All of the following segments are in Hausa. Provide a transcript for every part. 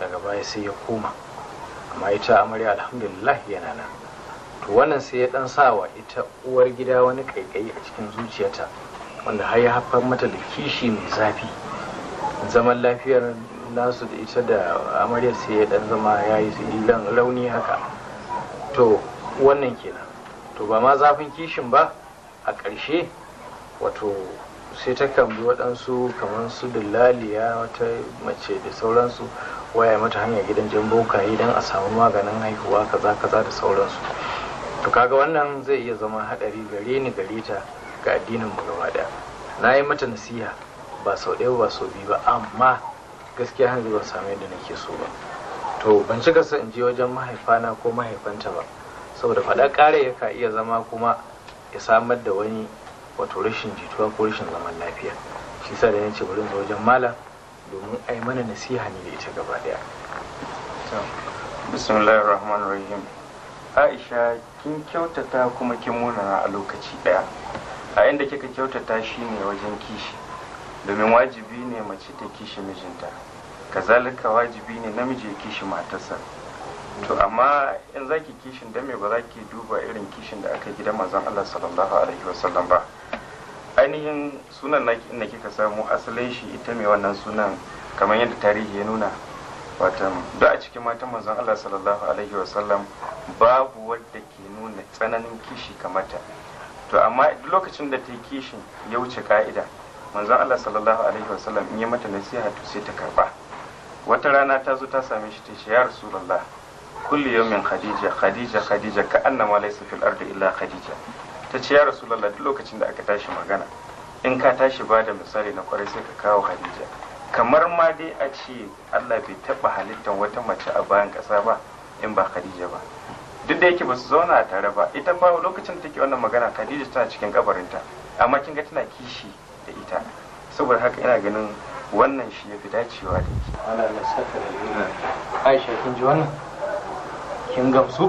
daga baya sai ya koma amma ita amarya alhamdulillah yana nan to wannan sai ya dan sawa ita uwar gida wani kaikayi a cikin zuciyarta wanda har ya haifar mata da kishi mai zafi zaman lafiyar nasu da ita da amaryar sai ya dan zama ya yi rauni haka to wannan kenan to ba ma zafin kishin ba a ƙarshe wato sai ta kambi waɗansu kamar su dillaliya wata mace da sauransu waya mata hanyar gidan jan bokaye don a samu maganin haihuwa kaza kaza da sauransu to kaga wannan zai iya zama hadari gare ni gare ta ga addinin mu gaba daya na yi mata nasiha ba sau ɗaya ba sau biyu ba amma gaskiya hanzu ban samu yadda nake so ba to ban cika sa in je wajen mahaifana ko mahaifanta ba saboda faɗa ƙare ya ka iya zama kuma ya samar da wani wato rashin jituwa ko rashin zaman lafiya shi sa da ya ce bari zo wajen malam domin a yi mana nasiha ne da ita gaba daya bismillahir rahmanir rahim aisha kin kyautata kuma kin munana a lokaci daya a inda kika kyautata shine wajen kishi domin wajibi ne mace ta kishi mijinta kazalika wajibi ne namiji ya kishi matarsa to amma in zaki kishin da me ba za ki duba irin kishin da aka gida mazan Allah sallallahu alaihi wasallam ba ainihin sunan na inda kika samu asalin shi ita mai wannan sunan kamar yadda tarihi ya nuna watan duk a cikin matan manzon Allah sallallahu alaihi wa sallam babu wadda ke nuna tsananin kishi kamata to amma duk lokacin da ta kishin ya wuce ka'ida manzon Allah sallallahu alaihi wa sallam in ya mata nasiha to sai ta karba wata rana ta zo ta same shi ta ce ya rasulullah kulli yawmin khadija khadija khadija ka annama laysa fil ardi illa khadija ta ce ya rasu duk lokacin da aka tashi magana in ka tashi ba da misali na kwarai sai ka kawo hadija kamar ma dai a ce allah bai taɓa halittar wata mace a bayan kasa ba in ba hadija ba duk da yake ba su zauna a tare ba ita ba lokacin da take wannan magana hadija tana cikin kabarinta amma kin ga tana kishi da ita saboda haka ina ganin wannan shi ya fi dacewa da ke ana da aisha kin ji wannan kin gamsu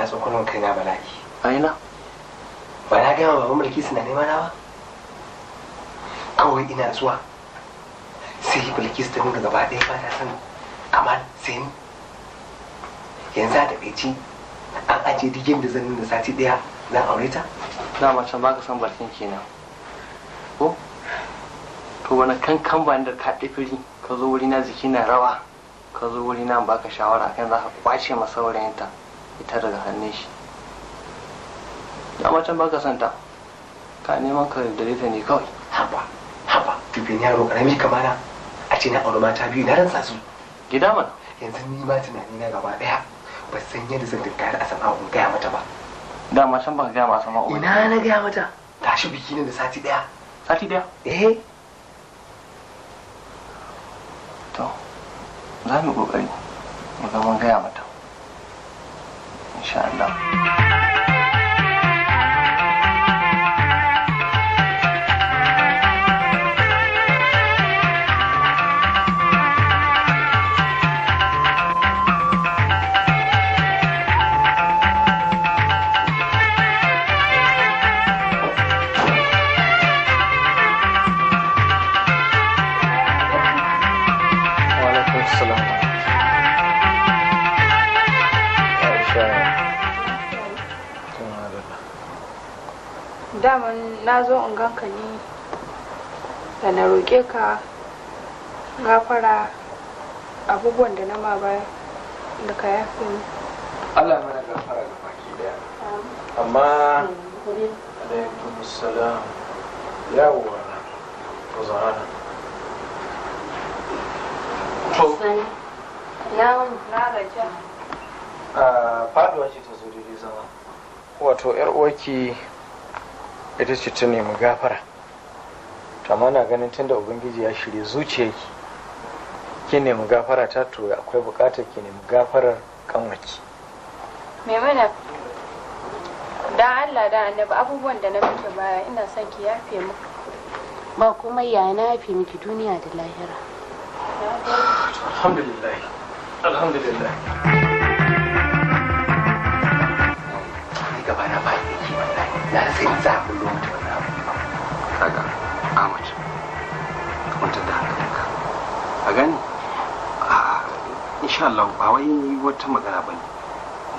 ka san kullum kai na bala'i a ba na gama baban mulki suna nema na ba kawai ina zuwa sai yi bilkis ta nuna gaba ɗaya ba ta san kamal sai ni yanzu a taƙaici an ajiye duk yadda zan nuna sati ɗaya zan aure ta na macen ba ka san barkin kenan ko to wani kankan ba da ka ɗifiri ka zo wuri na jiki na rawa ka zo wuri na baka shawara kan za ka kwace masaurayinta fita daga hannun shi da macen baka santa ka neman ka dare ta ne kawai haba haba dubin yaro karami kamana a ce na aure mata biyu na rantsa su gida mana yanzu ni ba tunani na gaba daya ba san yadda zan dinkari a sama'un gaya mata ba da macen baka gaya ma sama'un ina na gaya mata tashi biki ne da sati daya sati daya eh to za mu kokari mu ga mun gaya mata inshallah. daman na zo in ganka ne da na roƙe ka gafara abubuwan da na ma ba da ka yafi ni Allah mana gafara ga baki daya amma alaikum salam yawwa ko zahara to na wani na gajiya a ah, faduwa ce ta zo daidai zama wato yar uwarki ita ce ta nemi gafara amma na ganin tunda ubangiji ya shirya zuciyarki ki nemi gafara ta to akwai bukatar ki nemi gafarar kanwaci me mana da Allah da annabi abubuwan da na miki baya ina son ki yafe mu ba kuma ya na yafe miki duniya da lahira alhamdulillah alhamdulillah wata magana bane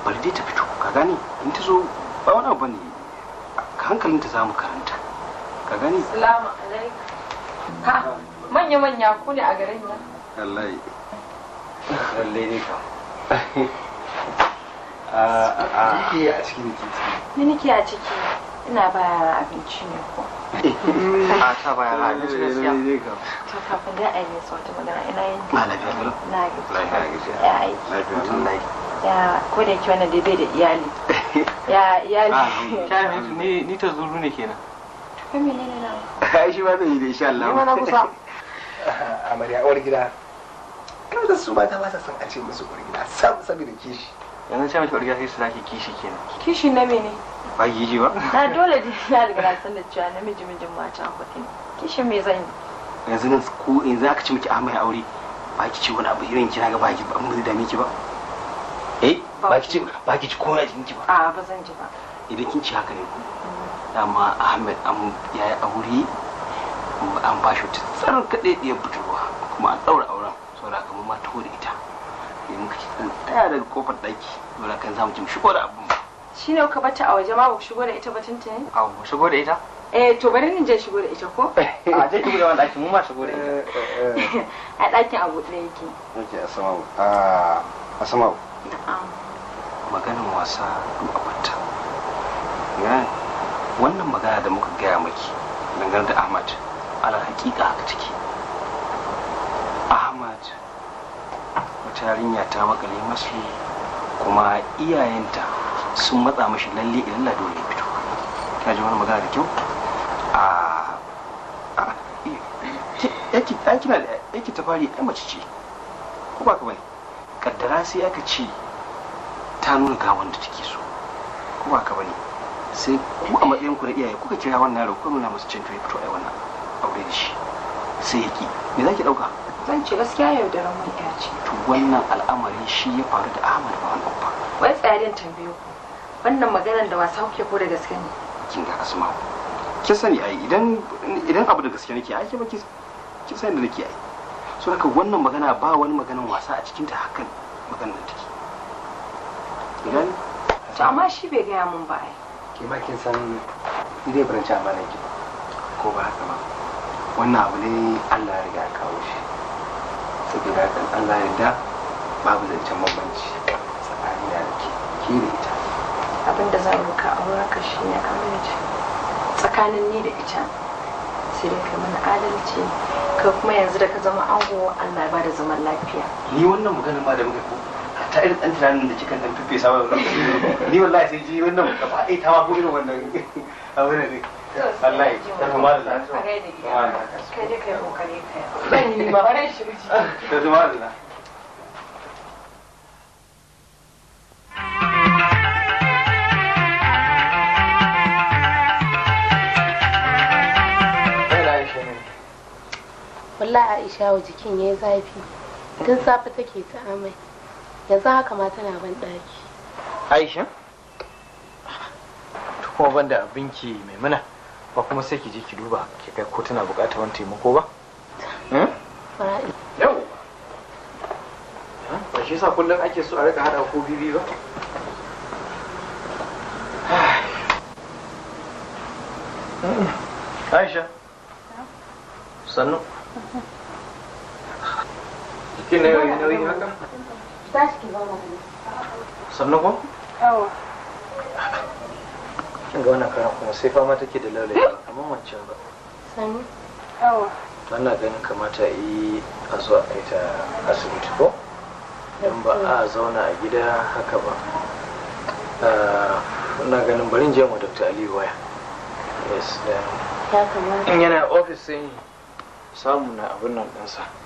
bari dai ta fito ka gane in ta zo ba wani abu ne hankalinta za mu karanta ka gane salamu alaikum ha manya manya ku ne a garin nan wallahi lalle ne ka ah, ah, ah. a a a ciki ne nake a ciki ina ba abinci ne ko ta baya na ji gaskiya to kafin da ai magana ina yin na biya na gaji na biya ya ko da yake wannan bai da iyali ya iyali ta ni ta zuru ne kenan to kai menene na ai shi ba zai yi da insha Allah ni ma kusa amarya uwar gida kawai da su mata ba sa son a ce musu uwar gida sam kishi yanzu ce miki riga sai su zaki kishi kenan kishi na mene ba ki ji ba na dole ji ya riga na san da cewa namiji mijin mata akwati ne kishin me zan yi yanzu nan ko yanzu aka ci miki amai aure ba ki ci wani abu irin kina ga ba ki ba mun da miki ba eh ba ki ci ba ki ci ko na jinki ba a ba zan ji ba idan kin ci haka ne ku amma Ahmed an yayi aure an ba shi tsar kaɗai ya budurwa kuma an ɗaura auren saboda kamar ma taho da ita idan ka ce zan daga kofar ɗaki dole kan zamu ci shigo da abin shi ne ka bata a waje ma ba shigo da ita ba tun a ba shigo da ita? eh to bari ni je shigo da ita ko? a je shigo da wani ɗakin mu ma shigo da ita eh, eh, eh. a ɗakin abu ɗaya yake ok a sama a ah, sama na'am maganin wasa a bata wannan magana da muka gaya maki dangane da ahmad ala hakika haka take Tarinya yarinya ta makale masu kuma iyayenta sun matsa mashi lalle idan lado ya fito ka ji wani magana da kyau a yake ta fari ai mace ce ko ba ka bane kaddara sai aka ce ta nuna ga wanda take so ko ba ka bane sai ku a matsayin ku na iyaye kuka kira wannan yaro ku nuna musu cin to ya fito ai wannan aure da shi sai yaki me zaki dauka zan ce gaskiya yaudaran mun ya ce to wannan al'amari shi ya faru da Ahmad ba wani ba wai tsayarin tambayo ku wannan maganar da wasa kuke ko da gaske ne kin ga asma kin sani ai idan idan abu da gaske nake ai ba kin sani da nake ai so haka wannan magana ba wani maganar wasa a cikin ta hakan maganar take idan to amma shi bai gaya mun ba ai ke ma kin san ni dai baranci amana ki ko ba haka ba wannan abu ne allah ya riga kawo shi saboda kan allah ya da babu zancen bambanci tsakanin da ke ke da ita abin da zan roka a ka shi ne kamar ce tsakanin ni da ita sai dai kai mana adalci ka kuma yanzu da ka zama ango allah ya ba da zaman lafiya ni wannan maganin ma da muka ko ta irin ɗan tunanin da kika dan fiffesa wa ni wallahi sai ji wannan gaba ɗaya ta ma ko irin wannan abin ne Allah ya ci ta da su. kai je kai kokari kai zan yi ma bare shi ta kuma da wallahi aisha jikin ya yi zafi tun safe take ta amai yanzu haka ma tana ban ɗaki aisha to kuma ban da abinci mai muna ba kuma sai ki je ki duba ki ga ko tana buƙatar wani taimako ba hmm? yasa kullum ake so a rika hada ko ba Aisha sannu sannu ko? yawa kin ga wannan karan kuma sai fama take da lalai eh? kamar wancan ba sani yawa to ana ganin kamata yi a zo a kai ta asibiti ko don ba a zauna a gida haka ba ah, ina ganin barin je mu dr aliyu waya yes in yana ofis sai samu na abin nan ɗinsa